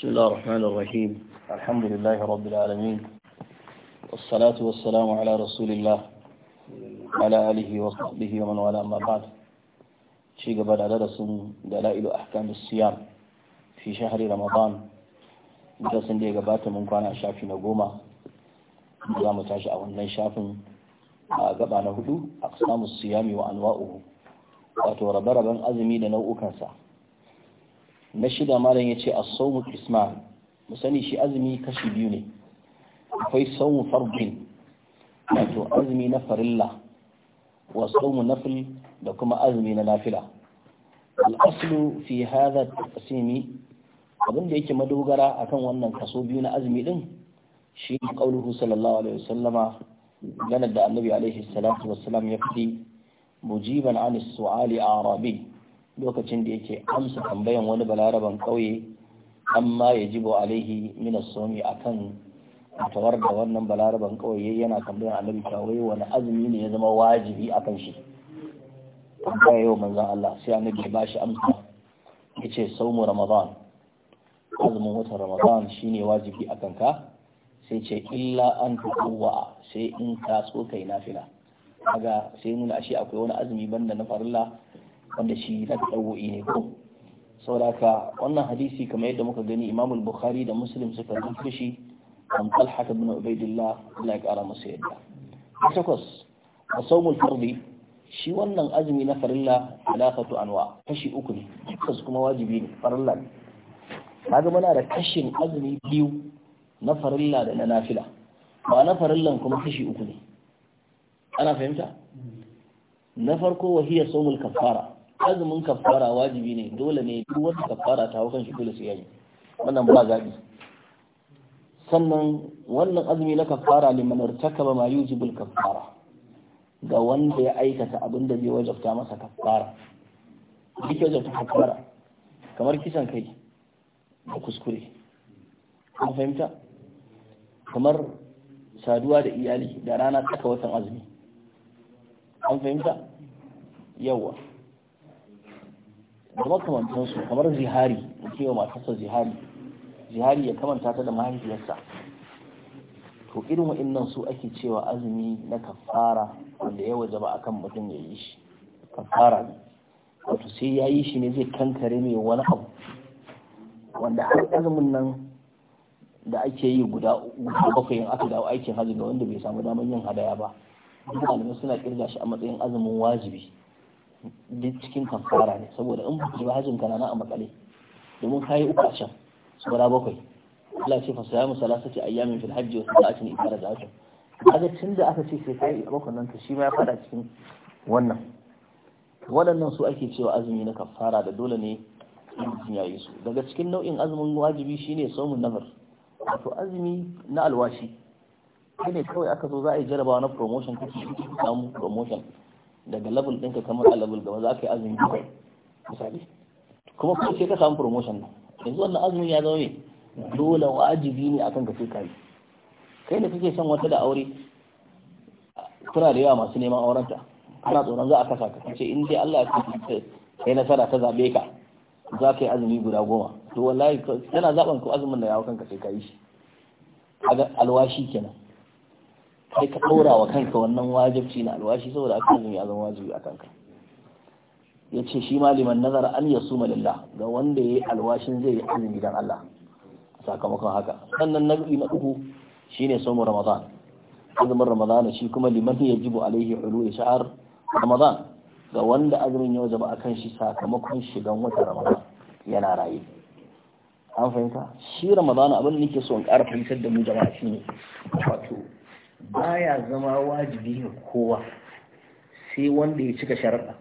بسم الله الرحمن الرحيم الحمد لله رب العالمين والصلاة والسلام على رسول الله على آله وصحبه ومن والاه ما بعد شيء قبل درس دلائل أحكام الصيام في شهر رمضان درس دي قبلت من كان شافي نقوما za mu tashi a wannan shafin a gaba na hudu aqsamus siyami wa anwa'uhu wato rabe-raben azumi da nau'ukansa na shida malam ya ce a saumu isma mu sani shi azumi kashi biyu ne akwai saumu farbin wato azumi na farilla wa saumu nafil da kuma azumi na nafila al'aslu fi hadha taqsimi Abinda yake madogara akan wannan kaso biyu na azumi din shi qauluhu sallallahu alaihi wasallama ganar da annabi alaihi salatu wassalam ya fadi mujiban an su'ali arabi lokacin da yake amsa tambayan wani balaraban kauye amma ya jibo alaihi minas somi akan tawar da wannan balaraban ƙauye yana tambayan annabi wai wani azumi ne ya zama wajibi akan shi tambaya yau manzan Allah sai annabi ba bashi amsa Ya yace saumu ramadan azumin watan ramadan shine wajibi akan ka sai ce illa an tuwa sai in ka so kai nafila kaga sai nuna ashe akwai wani azumi banda na farilla wanda shi na ɗauwa'i ne ko sauraka wannan hadisi kamar yadda muka gani imam bukhari da muslim suka rufe shi an talha ta bin ubaidillah Allah ya kara masa yadda takwas a saumul fardi shi wannan azumi na farilla alaqatu anwa kashi uku ne Takwas kuma wajibi ne farilla ne kaga muna da kashin azumi biyu na farilla da na nafila ba na farillan kuma kashi uku ne ana fahimta mm. na farko wahiyar saumul kafara azumin kafara wajibi ne dole ne duk wata kafara ta hau kan shi dole sai yayi wannan ba zabi sannan wannan azumi na kafara liman irtakaba ma yujibul kafara ga wanda ya aikata abin da zai wajabta masa kafara duk wajabta kafara kamar kisan kai da kuskure an fahimta kamar saduwa da iyali da rana tsaka watan azumi an fahimta yawa da makamantansu kamar zihari mutum yau matarsa zihari zihari ya kamanta ta da mahaifiyarsa to irin wa'annan su ake cewa azumi na kafara wanda ya wajaba kan mutum ya yi shi kafara ne wato sai ya yi shi ne zai kankare mai wani abu wanda har azumin nan da ake yi guda uku bakwai in aka dawo aikin hajji ga wanda bai samu damar yin hadaya ba duk malamai suna kirga shi a matsayin azumin wajibi duk cikin kafara ne saboda in baki ba hajjin kana a makale domin kayi uku a can saboda bakwai Allah ce fa sayamu salasati ayyamin fil hajji wa sab'atin ibara da hajji kaga tunda aka ce sai kai bakwai nan to shi ma ya fada cikin wannan waɗannan su ake cewa azumi na kafara da dole ne mutum ya yi su daga cikin nau'in azumin wajibi shine saumun nazar wato azumi na alwashi shine kawai aka zo za a yi jarabawa na promotion kake samu promotion daga level ɗinka kamar a level gaba za ka yi azumi bakwai misali kuma kuma sai ka samu promotion nan yanzu wannan azumin ya zama dole wajibi ne akan ka sai ka yi kai da kake son wata da aure kuna da yawa masu neman aurenta ana tsoron za a kasa ka kace in dai Allah ya kai nasara ta zabe ka za ka yi azumi guda goma to wallahi kana zaben ko azumin da ya hau kanka sai ka yi shi alwashi kenan kai ka ɗora wa kanka wannan wajibci na alwashi saboda aka yi ya zama wajibi a kanka ya ce shi maliman nazar an ya suma malilla ga wanda ya yi alwashin zai yi azumi don Allah sakamakon haka sannan nau'i na uku shine somo ramadan azumin ramadan shi kuma liman ya jibu alaihi hulu sha'ar ramadan ga wanda azumin ya wajaba kan shi sakamakon shigan wata ramadan yana raye an fahimta shi ramadan abin da nake so in ƙara fahimtar da mu jama'a shine wato baya zama wajibi ga kowa sai wanda ya cika sharaɗa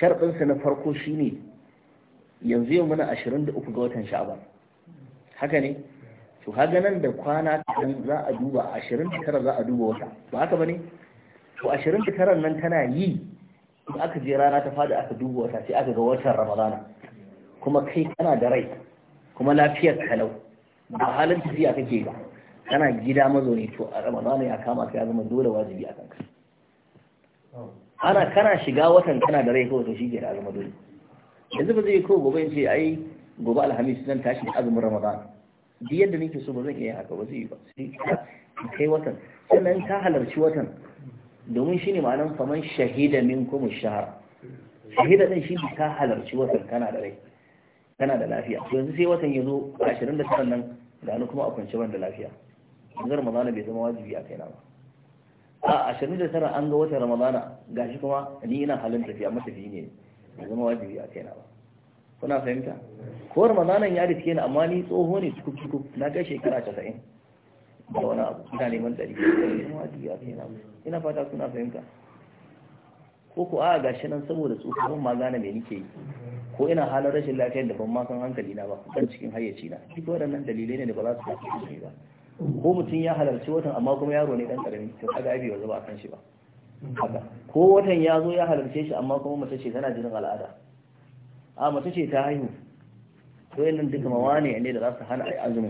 sharaɗinsa na farko shi ne yanzu yau muna 23 ga watan sha'aban haka ne to haga nan da kwana kan za a duba 29 za a duba wata ba haka ba ne to 29 nan tana yi in aka je rana ta fada aka duba wata sai aka ga watan ramadana kuma kai kana da rai kuma lafiyar kalau ba halin tafiya kake ba kana gida mazauni to a ramadana ya kama ka ya zama dole wajibi a kanka ana kana shiga watan kana da rai kawai to shi ke da zama dole yanzu ba zai yi kawai gobe ce ai gobe alhamis zan tashi da azumin ramadan duk yadda nake so ba zan iya haka ba zai yi ba sai kai watan sannan ka halarci watan domin shi ne ma'anar faman shahida min kuma shahara shahida ɗin shi ka halarci watan kana da rai kana da lafiya yanzu sai watan ya zo 29 nan gano kuma a kwanci ban da lafiya yanzu ramadana bai zama wajibi a kaina ba a ashirin da tara an ga watan ramadana gashi kuma ni ina halin tafiya matafi ne bai zama wajibi a kaina ba kuna fahimta ko ramadanan ya riske ni amma ni tsoho ne tukuk tukuk na kai shekara casa'in da wani abu ina neman dari wajibi a kaina ina fata kuna fahimta ko ko a gashi nan saboda tsofaffin magana gane me nike yi ko ina halin rashin lafiyar da ban ma san hankali na ba kan cikin hayyaci na duk waɗannan dalilai ne da ba za su kasance ba ko mutum ya halarci watan amma kuma yaro ne dan karami to kaga abi yanzu ba a kan shi ba haka ko watan ya zo ya halarce shi amma kuma mace ce tana jinin al'ada a mace ce ta haihu to yannan duka mawane ne da za su hana azumi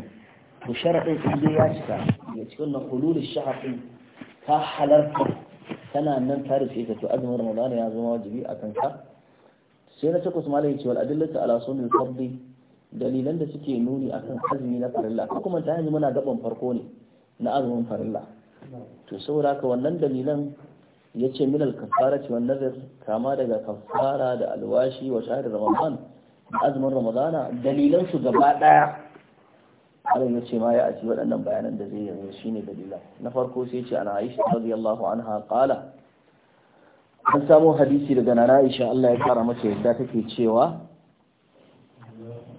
to sharadin in dai ya cika ya cikin na hululul shahar din ta halarta tana nan ta rufe ta to azumin ramadan ya zama wajibi a kanka sai na takwas malai cewa adillatu ala sunnil fadli dalilan da suke nuni akan azumi na farilla ko kuma ta yanzu muna gaban farko ne na azumin farilla to saboda ka wannan dalilan ya ce min alkafarati wannan nazar kama daga kafara da alwashi wa shahar ramadan azumin ramadana dalilan su gaba daya Allah ya ce ma ya aji waɗannan bayanan da zai yanzu shine dalilan na farko sai ce ana Aisha radiyallahu anha qala an samu hadisi daga Nana Aisha Allah ya kara mace yadda take cewa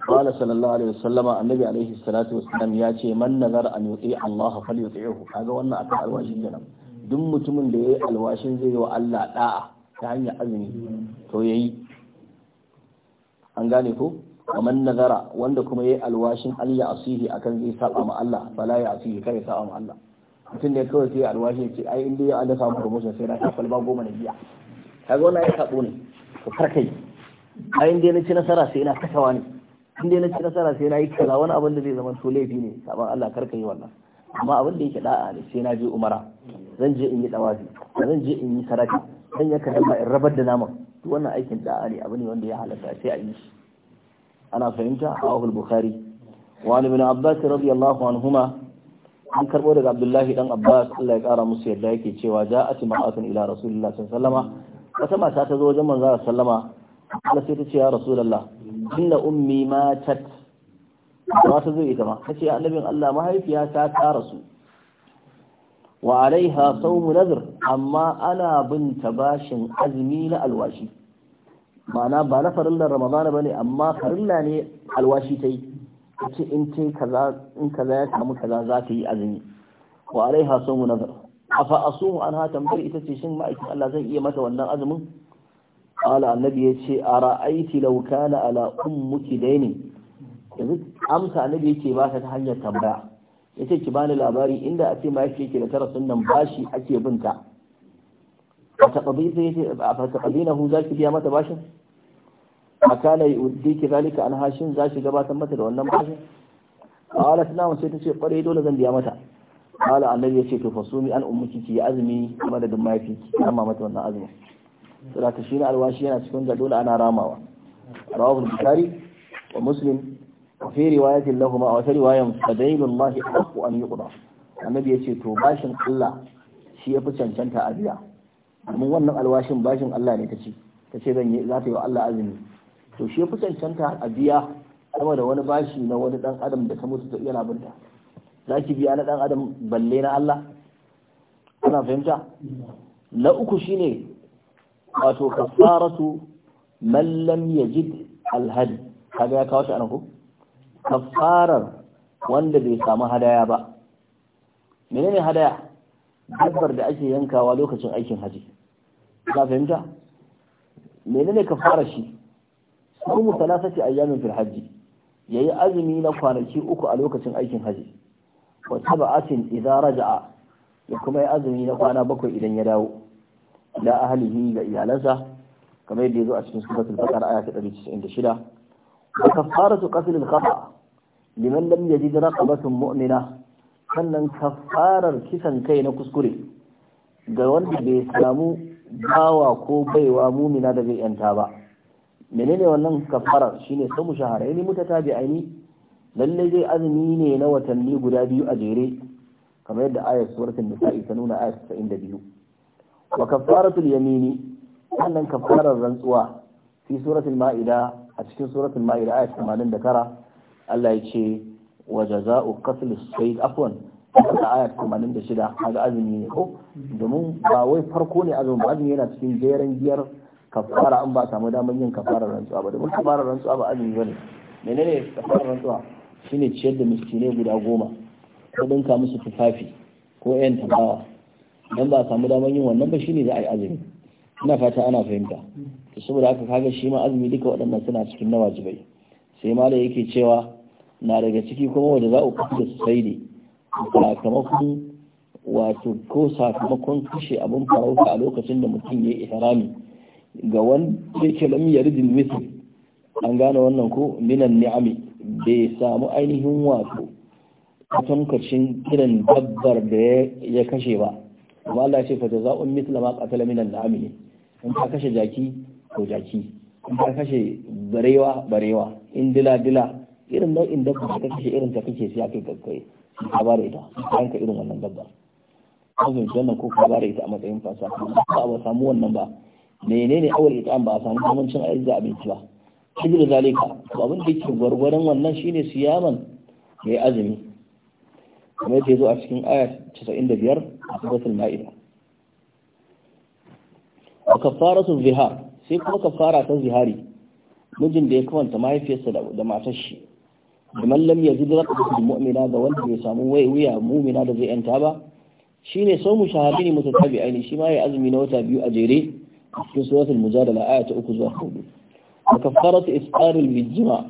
qala sallallahu alaihi wasallam annabi alaihi salatu wasallam ya ce man nazar an yuti Allah falyuti'hu kaga wannan akan alwashin kenan duk mutumin da yayi alwashin zai yi wa Allah da'a ta hanyar azumi to yayi an gane ko man nazara wanda kuma yayi alwashin an ya asihi akan zai saba ma Allah Bala ya asihi kai saba ma Allah mutum ne kawai sai alwashin ce ai inda ya an da samu promotion sai na ta ba goma na biya kaga wannan ya sabo ne ko kar kai a inda na ci nasara sai na kashewa ne inda na ci nasara sai na yi kaza wani abin da zai zama to laifi ne saban Allah kar ka yi wannan amma abin da yake da'a ne sai na je umara zan je in yi dawazi zan je in yi saraka zan ya ba in rabar da naman to wannan aikin da'a ne abu ne wanda ya halatta sai a yi shi ana fahimta a Abu Bukhari wa ibn Abbas radiyallahu anhuma an karbo daga Abdullahi dan Abbas Allah ya kara musu yadda yake cewa ja'at ma'atun ila Rasulillah sallallahu alaihi wasallama wata mata ta zo wajen manzo wasallama Allah sai ta ce ya Rasulullah inna ummi ma matat ba ta zo ita ma ta ce annabin Allah mahaifiya ta tsara su wa alaiha sau mu nazar. amma ana bin bashin azumi na alwashi ma'ana ba na farillar ramadana ne, amma farilla ne alwashi ta yi ta ce in ta kaza in kaza ya samu kaza za ta yi azumi wa alaiha sau mu sawmu nadhr afa an anha tambayar ita ce shin ma'aikin Allah zai iya mata wannan azumin qala annabi yace ara'aiti law kana ala ummuki dainin yanzu amsa annabi ce ba ta hanyar tambaya ce ki bani labari inda a ce ma yake ki da tara sunnan bashi ake binta a taqabi sai yace fa taqabinahu zaki biya mata bashin A akana yuddiki zalika an hashin ki gabatar mata da wannan bashin qala sallama sai tace kware dole zan biya mata qala annabi ce, to fasumi an ummuki ki yi azumi madadin ki amma mata wannan azumin. saboda ka shi na alwashi yana cikin da dole ana ramawa rawahul bukhari wa muslim wa fi riwayatin lahum wa fi riwayan fadailullahi aqu an yuqda annabi yace to bashin Allah shi yafi cancanta a biya domin wannan alwashin bashin Allah ne tace tace zan yi za ta yi wa Allah azumi to shi yafi cancanta a biya sama da wani bashi na wani dan adam da ta mutu ta yana binta za ki biya na dan adam balle na Allah ana fahimta na uku shine wato kafaratu man lam yajid alhadi kaga ya kawo shi anan ko kafarar wanda bai samu hadaya ba menene hadaya dabbar da ake yankawa lokacin aikin haji ka fahimta menene kafarar shi sumu salasati ayyamin fil haji yayi azumi na kwanaki uku a lokacin aikin haji wa sab'atin idza raja'a ya kuma yi azumi na kwana bakwai idan ya dawo da ahlihi ga iyalansa kamar yadda zo a cikin suratul baqara aya ta 196 wa kafaratu qatl al-khata liman lam yajid raqabatan mu'mina sannan kafarar kisan kai na kuskure ga wanda bai samu bawa ko baiwa mumina da bai yanta ba menene wannan kafarar shine samu mu shahara ne aini lalle zai azumi ne na watanni guda biyu a jere kamar yadda ayat suratul nisa'i ta nuna ayat 92 wa kafaratul yamini wannan kafarar rantsuwa fi suratul ma'ida a cikin suratul ma'ida ayat 89 Allah ya ce wa jaza'u qatl sayd afwan a ayat 86 kaga azumi ne ko domin ba wai farko ne azumi ba azumi yana cikin jeran giyar kafara an ba samu damar yin kafarar rantsuwa ba domin kafarar rantsuwa ba azumi bane menene kafarar rantsuwa shine ciyar da miskinai guda goma ko dinka musu tufafi ko yan tabawa dan ba a samu damar yin wannan ba ne za a yi azumi ina fata ana fahimta to saboda haka kaga shi ma azumi duka waɗannan suna cikin na wajibai sai ma da yake cewa na daga ciki kuma wanda za ku da sai ne sakamakon wato ko sakamakon kashe abin farauta a lokacin da mutum ya yi ihrami ga wanda yake lam yaridil mithl an gane wannan ko minan ni'ami bai samu ainihin wato katankacin irin dabbar da ya kashe ba amma Allah ya ce fata za'un mitla ma qatala minan na'ami in ka kashe jaki ko jaki in ka kashe barewa barewa in dila dila irin nau'in dabba ka kashe irin ta kake sai kai gaggai ka ba da ita bayan ka irin wannan dabba azumi nan ko ka ba da ita a matsayin fasa ba ba samu wannan ba menene awal an ba a samu kamancin aizza abinci ba hijir zalika abin da yake gwargwaron wannan shine siyaman mai azumi kamar yadda zo a cikin aya 95 a suratul ma'ida wa sai kuma kafara ta zihari mijin da ya kawanta mahaifiyarsa da matar da mallam ya zubi raqabatul mu'mina ga wanda bai samu wai wuya mu'mina da zai yanta ba shine sau mu shahadini mutatabi aini shi ma ya azumi na wata biyu a jere a cikin suratul mujadala aya ta uku zuwa hudu wa kafaratu isqaril bijma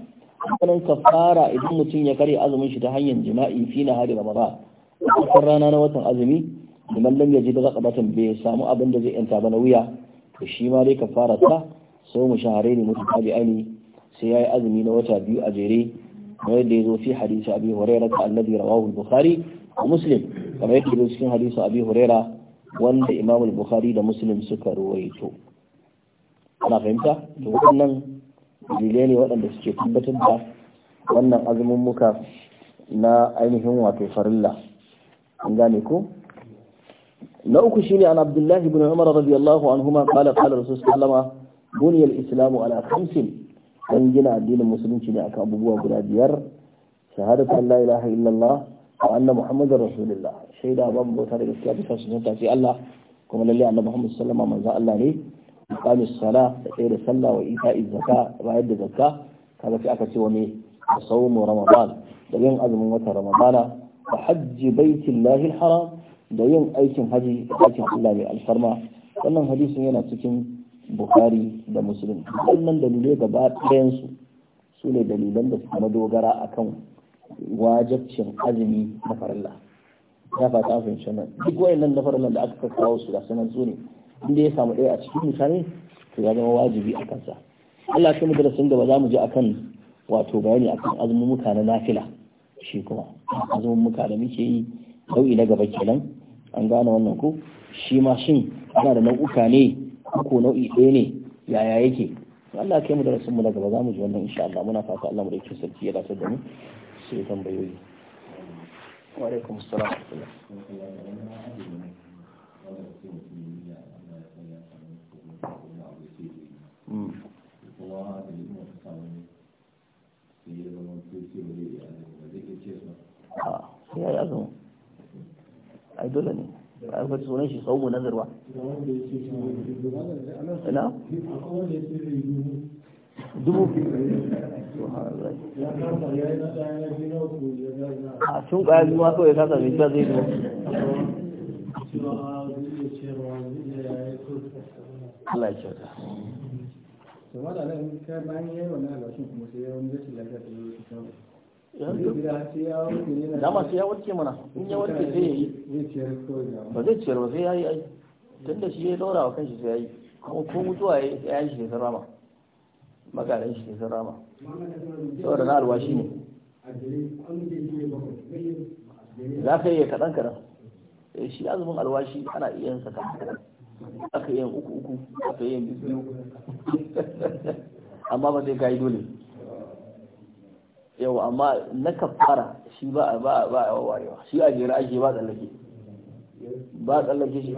wannan kafara idan mutum ya karya azumin shi ta hanyar jima'i fi nahari ramadan kusan rana na watan azumi idan lam ka raqabatan bai samu abin da zai yanta ba na wuya to shi ma dai fara ta so mu shahare ne mutum tabi aini sai yayi azumi na wata biyu a jere kamar yadda ya zo fi hadisi abi huraira ta alladhi rawahu bukhari wa muslim kamar yadda ya cikin hadisi abi huraira wanda imamu bukhari da muslim suka ruwaito ana fahimta to wannan dalilai ne waɗanda suke tabbatar da wannan azumin muka na ainihin wato farilla an gane ko na uku shine an abdullahi ibn umar radiyallahu anhuma qala qala rasul sallama buniyal islamu ala khamsin an gina addinin musulunci ne akan abubuwa guda biyar shahadatu an la ilaha illallah wa anna muhammadar rasulullah shaida ban bauta da gaskiya bisa sunanta Allah kuma lalle annabi muhammad sallama manzo Allah ne iqamis sala da tsaye da sallah wa ita'iz zakka bayar da zakka kaga sai aka ce wa me sawmu ramadan da yin azumin watan ramadana wa hajji baitillahi haram da yin aikin haji aikin Allah mai alfarma wannan hadisin yana cikin bukhari da muslim wannan dalilai gaba ɗayan su ne dalilan da suka madogara akan wajabcin azumi na farilla ya fata an fahimci nan duk wayannan na farilla da aka kawo su ga sanan su ne inda ya samu ɗaya a cikin mutane to ya zama wajibi a kansa Allah ya mu darasin da ba za mu je akan wato bayani akan azumin mutane nafila shi kuma muka da muke yi nau'i na gaba kenan an gane wannan ko shi ma shin ana da nau'uka ne ko nau'i ɗaya ne yaya yake Allah kai mu da rasu mu daga ba za mu ji wannan insha Allah muna fata Allah mu da yake sarki ya dace da mu sai tambayoyi wa alaikum assalam Mm. a sai ya yi azumi ai dole ne ba ya kwaci sunan shi saumu nazarwa ina dubu a sun kwaya biyu ma ya kasa mai zai dubu Allah ya kyauta. Kuma da nan bayan yayi wannan alashin kuma sai ya wani rashin lafiya ta yi dama sai ya warke mana in ya warke sai ya yi ba zai ciyar ba sai ya yi ai tun da shi ya daura wa kanshi sai ya yi kuma ko mutuwa ya yi shi ne sarrama magadan shi ne sarrama saboda na alwashi ne za ka iya kaɗan kaɗan eh, shi azumin alwashi ana iya yin saka kaɗan aka iya yin uku uku aka iya yin biyu amma ba zai ka yi dole yau amma na kafara shi ba a ba shi a jera ake ba tsallake ba tsallake shi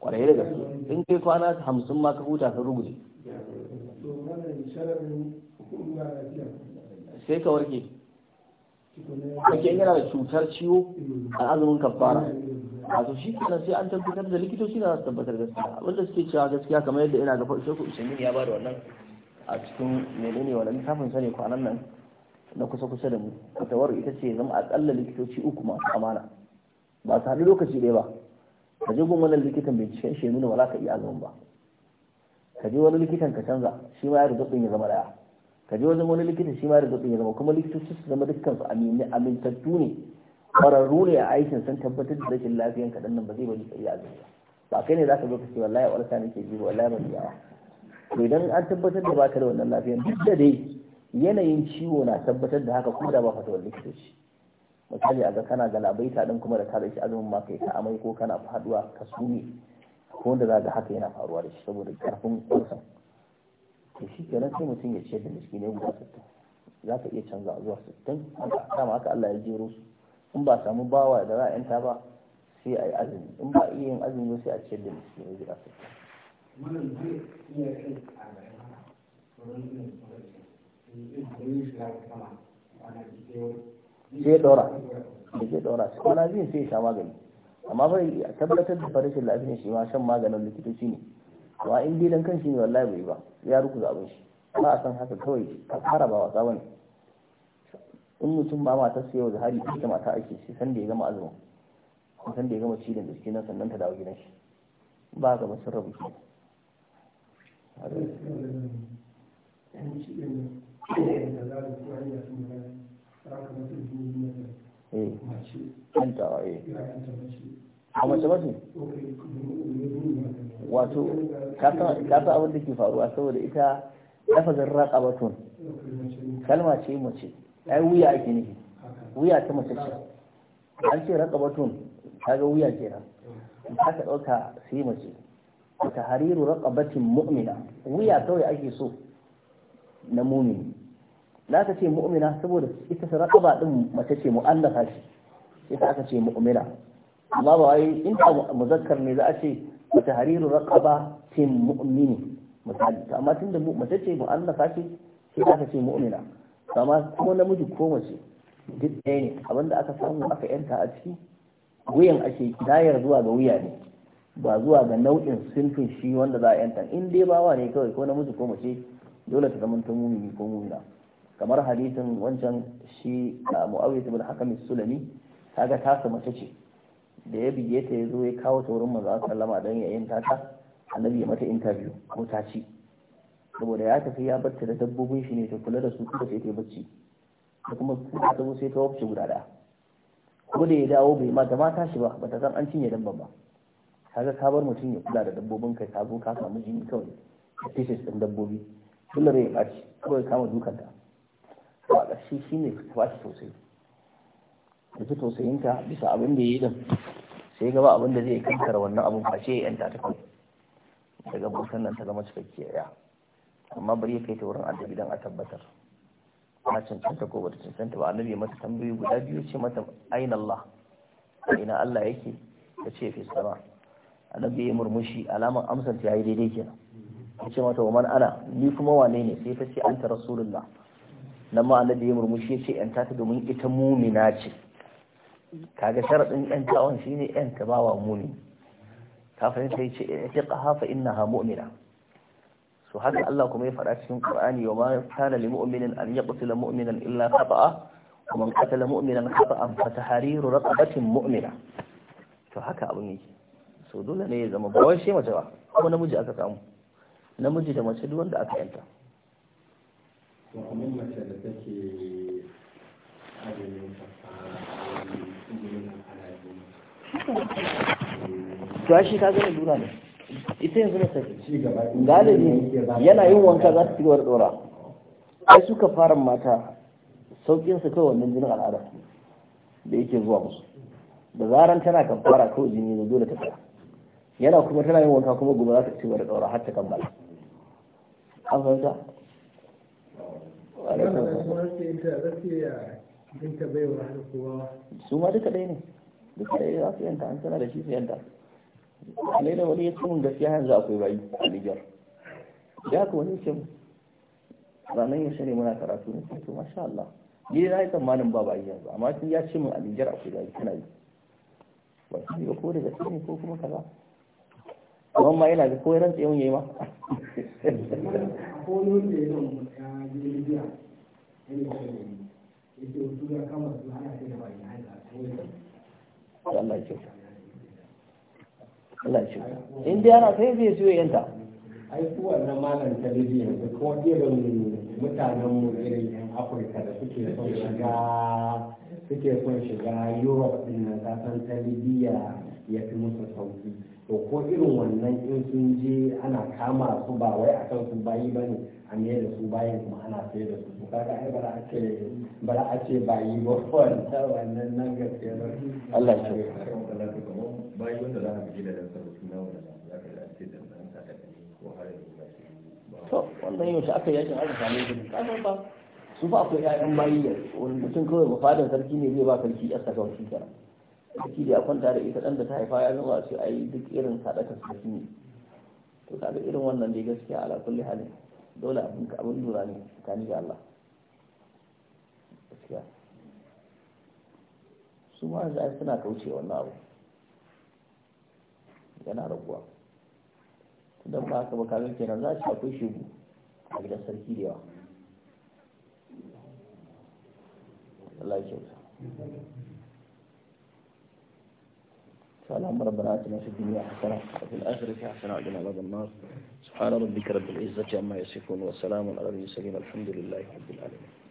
kwarai da gaske in kai kwana hamsin ma ka huta ka ruguje sai ka warke kake yana da cutar ciwo a azumin kafara a to shi kenan sai an tabbatar da likitoci na su tabbatar gaskiya wanda suke cewa gaskiya kamar yadda ina ga farko shi ko ya ba da wannan a cikin menene wannan littafin sani kwanan nan na kusa-kusa da mu fatawaru ita ce zama akalla likitoci uku masu amana ba su haɗu lokaci ɗaya ba ka je gun wannan likitan binciken shi nuna wala ka iya azumin ba ka je wani likitan ka canza shi ma ya riga ya zama ɗaya. ka je wajen wani likita shi ma ya riga ya zama kuma likitoci su zama dukkan su amintattu ne ƙwararru ne a aikin sun tabbatar da rashin lafiyan ka nan ba zai bari ka iya azumi ba ba kai ne za ka zo ka ce wallahi wala sa nake ji wallahi ban iya to idan an tabbatar da ba ka da wannan lafiyan duk da dai yanayin ciwo na tabbatar da haka ko da ba fatawar likitoci misali a ga kana galabaita din kuma da ka dauki azumin ma kai ka amai ko kana faduwa ka sune ko wanda za ga haka yana faruwa da shi saboda karfin kursan to shi kenan sai mutum ya ce da ne guda sittin za ka iya canza zuwa sittin kama haka Allah ya jero su in ba samu bawa da za a yanta ba sai a yi azumi in ba iya yin azumi sai a ciyar da ne guda sittin zai dora da zai dora su kwana biyu sai sha magani amma bai a tabbatar da farashin lafiyar shi ma shan maganin likitoci ne amma in gidan kan shi ne wallahi bai ba ya rukuza abin shi ba a san haka kawai ka fara ba wasa bane in mutum ba matar su yau da hari ita mata ake shi san da ya gama azumin san da ya gama cidan da nan sannan ta dawo gidan shi ba ga masu rabu shi Eh, a mace eh. wato kasa abin da ke faruwa saboda ita lafazin raƙa batun kalma ce mace ai wuya ake nufi wuya ta mace ce an ce raƙa batun ga wuya kenan ta ka ɗauka su yi mace ta hariru raƙa batin mu'mina wuya kawai ake so na mumini da ta ce mu'mina saboda ita raƙaba din mace ce mu'allafa shi sai ta aka ce mu'mina amma ba wai in ta muzakkar ne za a ce mata hariru raqaba tin mu'mini misali amma tunda mace ce mu'allafa shi sai ta aka ce mu'mina amma ko namiji ko mace duk ɗaya ne abinda aka samu aka yanta a ciki wuyan ake kidayar zuwa ga wuya ne ba zuwa ga nau'in sinfin shi wanda za a yanta in dai bawa ne kawai ko namiji ko mace dole ta zama ta mumini ko mumina kamar hadisin wancan shi mu'awiyat ibn hakam sulami kaga tasa mace ce da ya bige ta ya zo ya kawo ta wurin manzo sallama don ya yin tata annabi ya mata interview ko ta ci saboda ya tafi ya batta da dabbobin shi ne ta kula da su kuma sai ta bacci da kuma ta zo sai ta wuce guda daya ko da ya dawo bai ma ma tashi ba bata san an cinye dabban ba kaga ka bar mutum ya kula da dabbobin kai ka zo ka samu jini kawai da fishes din dabbobi kullum ya ɓaci kawai kama dukanta kaga shi shi ne ba shi tausayi da tausayin tausayinka bisa abin da ya yi din sai gaba abin da zai kankar wannan abin ba ce yan ta kai daga busan nan ta zama cikakkiya ya amma bari ya kai ta wurin adabi dan a tabbatar Ana cancanta ko bata cancanta ba annabi mata tambayoyi guda biyu ce mata aina Allah ina Allah yake ta ce fi sama annabi ya murmushi alamar amsar ta yayi daidai kenan ya ce mata wa man ana ni kuma wane ne sai ta ce anta rasulullah nan ma annabi ya murmushi ya ce yanta ta domin ita mumina ce kaga sharadin tawon shine yanta bawa mumini ka fahimta yace eh, itiqaha fa innaha mu'mina so haka Allah kuma ya faɗa cikin Qur'ani wa ma kana lil mu'minin an yaqtula mu'minan illa khata'a wa man qatala mu'minan khata'an fa tahriru raqabatin mu'mina to haka abun yake so dole ne ya zama ba wai shi mace ba kuma namiji aka samu namiji da mace duk wanda aka yanta to mace da take azumin kafara shi ka gane lura ne ita yanzu na tafi galibi yana yin wanka za ta cigaba da dora ai suka fara mata saukin su kai wannan jinin al'ada da yake zuwa musu da zaran tana kafara kawai jini da dole ta tsaya yana kuma tana yin wanka kuma gobe za ta cigaba da dora har ta kammala an fahimta su ma duka ɗaya ne duka ɗaya za su yanta an tana da shi su yanta alai da wani ya ce mun gaskiya yanzu akwai bayi a Nijar ya ka wani ce mun ranar ya shine muna karatu ne sai to masha Allah ni na yi tsammanin ba bayi yanzu amma tun ya ce mun a Nijar akwai bayi kana yi ba shi ba ko da gaske ne ko kuma kaza kuma ma yana da ko ran tsayon yayi ma da su Allah ya ce Allah ya ce in dai ana sai zai siyo yanta ai su wannan malam talibiyya da ko irin mutanen mu irin yan afirka da suke son shiga suke son shiga europe din nan san ta ya fi musu sauki to ko irin wannan in sun je ana kama su ba wai a kan su bayi ba ne a ne da su bayan kuma ana sai da su to kaga ai bara ake bara ake bayi ba wannan wannan nan gaskiya Allah ya shirya bayi wanda za ka gida da sarrafi na wannan za ka da ce da nan ka da ko har yanzu ba to wannan yau shi aka yakin aka same shi ka san ba su ba akwai yayan bayi wani mutum kawai ba fadin sarki ne zai ba sarki ya saka shi kenan sarki da ya kwanta da ita ɗan da ta haifa ya zama ce a yi duk irin sadakar sarki ne to kaga irin wannan dai gaskiya ala kulli halin dole abin ka abin lura ne tsakani da Allah gaskiya su ma su suna kauce wannan abu yana raguwa idan ba haka ba kaga kenan za ci akwai shigo a gidan sarki da yawa Allah ya kyauta اللهم ربنا آتنا في الدنيا حسنة وفي الآخرة حسنة وقنا عذاب النار سبحان ربك رب العزة عما يصفون وسلام على المرسلين الحمد لله رب العالمين